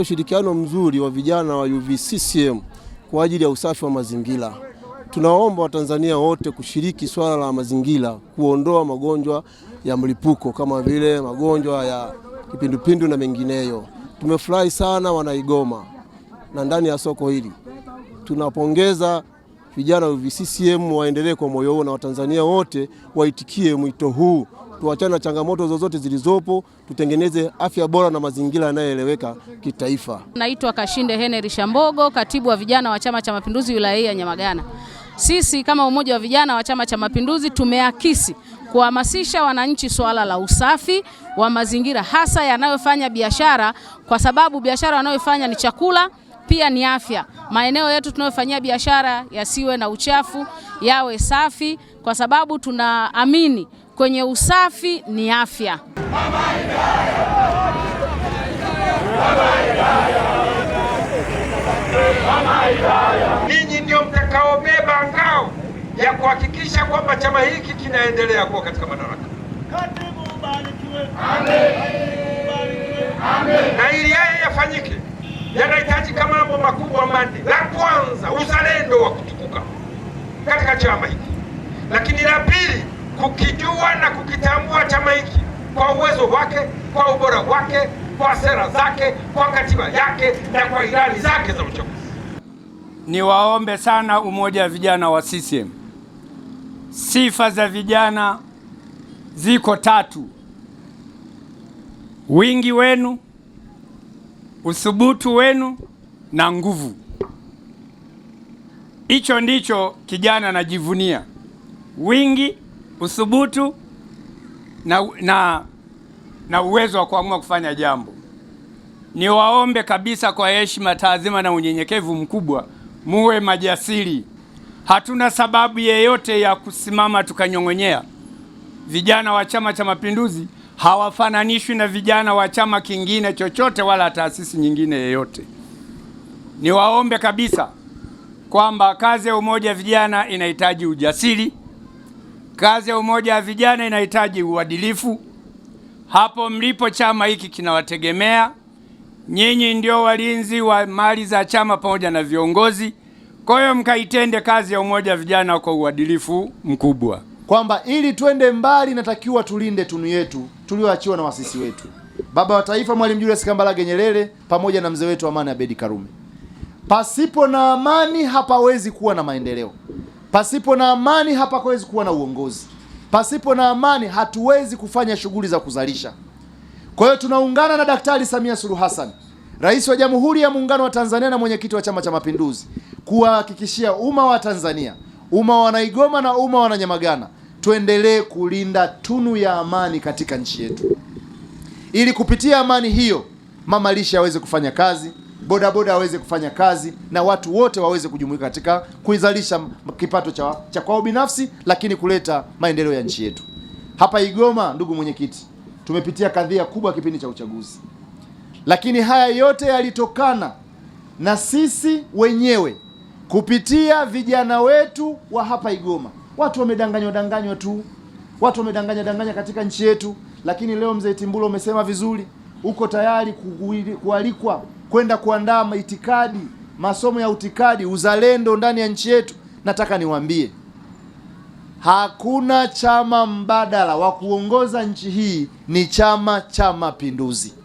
Ushirikiano mzuri wa vijana wa UVCCM kwa ajili ya usafi wa mazingira. tunaomba Watanzania wote kushiriki swala la mazingira, kuondoa magonjwa ya mlipuko kama vile magonjwa ya kipindupindu na mengineyo. Tumefurahi sana wanaigoma na ndani ya soko hili tunapongeza vijana wa UVCCM waendelee kwa moyo huo, na Watanzania wote waitikie mwito huu tuachane na changamoto zozote zilizopo, tutengeneze afya bora na mazingira yanayoeleweka kitaifa. Naitwa Kashinde Henry Shambogo, katibu wa vijana wa Chama cha Mapinduzi wilaya ya Nyamagana. Sisi kama umoja wa vijana wa Chama cha Mapinduzi tumeakisi kuhamasisha wananchi swala la usafi wa mazingira hasa yanayofanya biashara, kwa sababu biashara wanayofanya ni chakula pia ni afya. Maeneo yetu tunayofanyia biashara yasiwe na uchafu, yawe safi kwa sababu tunaamini kwenye usafi ni afya. ninyi ndio mtakaobeba ngao ya kuhakikisha kwamba chama hiki kinaendelea kuwa katika madaraka. Katibu ubarikiwe. Amen. Amen. Na ili yeye yafanyike yanahitajika mambo makubwa manne. La kwanza, uzalendo wa kutukuka katika chama hiki lakini la pili, kukijua na kukitambua chama hiki kwa uwezo wake, kwa ubora wake, kwa sera zake, kwa katiba yake na kwa ilani zake za uchaguzi. Niwaombe sana umoja wa vijana wa CCM. Sifa za vijana ziko tatu: wingi wenu, uthubutu wenu na nguvu. Hicho ndicho kijana anajivunia wingi, uthubutu na, na, na uwezo wa kuamua kufanya jambo. Niwaombe kabisa kwa heshima, taadhima na unyenyekevu mkubwa, muwe majasiri. Hatuna sababu yeyote ya kusimama tukanyong'onyea. Vijana wa Chama cha Mapinduzi hawafananishwi na vijana wa chama kingine chochote wala taasisi nyingine yeyote. Niwaombe kabisa kwamba kazi ya umoja vijana inahitaji ujasiri, Kazi ya umoja wa vijana inahitaji uadilifu. Hapo mlipo, chama hiki kinawategemea nyinyi, ndio walinzi wa mali za chama pamoja na viongozi. Kwa hiyo mkaitende kazi ya umoja wa vijana kwa uadilifu mkubwa, kwamba ili twende mbali natakiwa tulinde tunu yetu tulioachiwa na wasisi wetu, baba wa taifa Mwalimu Julius Kambarage Nyerere pamoja na mzee wetu Amani Abedi Karume. Pasipo na amani hapawezi kuwa na maendeleo. Pasipo na amani hapawezi kuwa na uongozi. Pasipo na amani hatuwezi kufanya shughuli za kuzalisha. Kwa hiyo tunaungana na Daktari Samia Suluhu Hassan, Rais wa Jamhuri ya Muungano wa Tanzania na mwenyekiti wa Chama cha Mapinduzi, kuwahakikishia umma wa Tanzania, umma wa Naigoma na umma wa Nanyamagana, tuendelee kulinda tunu ya amani katika nchi yetu, ili kupitia amani hiyo mama lishe aweze kufanya kazi bodaboda waweze kufanya kazi na watu wote waweze kujumuika katika kuizalisha kipato cha, cha kwao binafsi, lakini kuleta maendeleo ya nchi yetu. Hapa Igoma, ndugu mwenyekiti, tumepitia kadhia kubwa kipindi cha uchaguzi, lakini haya yote yalitokana na sisi wenyewe kupitia vijana wetu wa hapa Igoma. Watu wamedanganywa danganywa tu, watu wamedanganya danganya katika nchi yetu, lakini leo mzee Timbulo umesema vizuri, uko tayari kualikwa kwenda kuandaa itikadi, masomo ya utikadi, uzalendo ndani ya nchi yetu, nataka niwaambie hakuna chama mbadala wa kuongoza nchi hii, ni Chama cha Mapinduzi.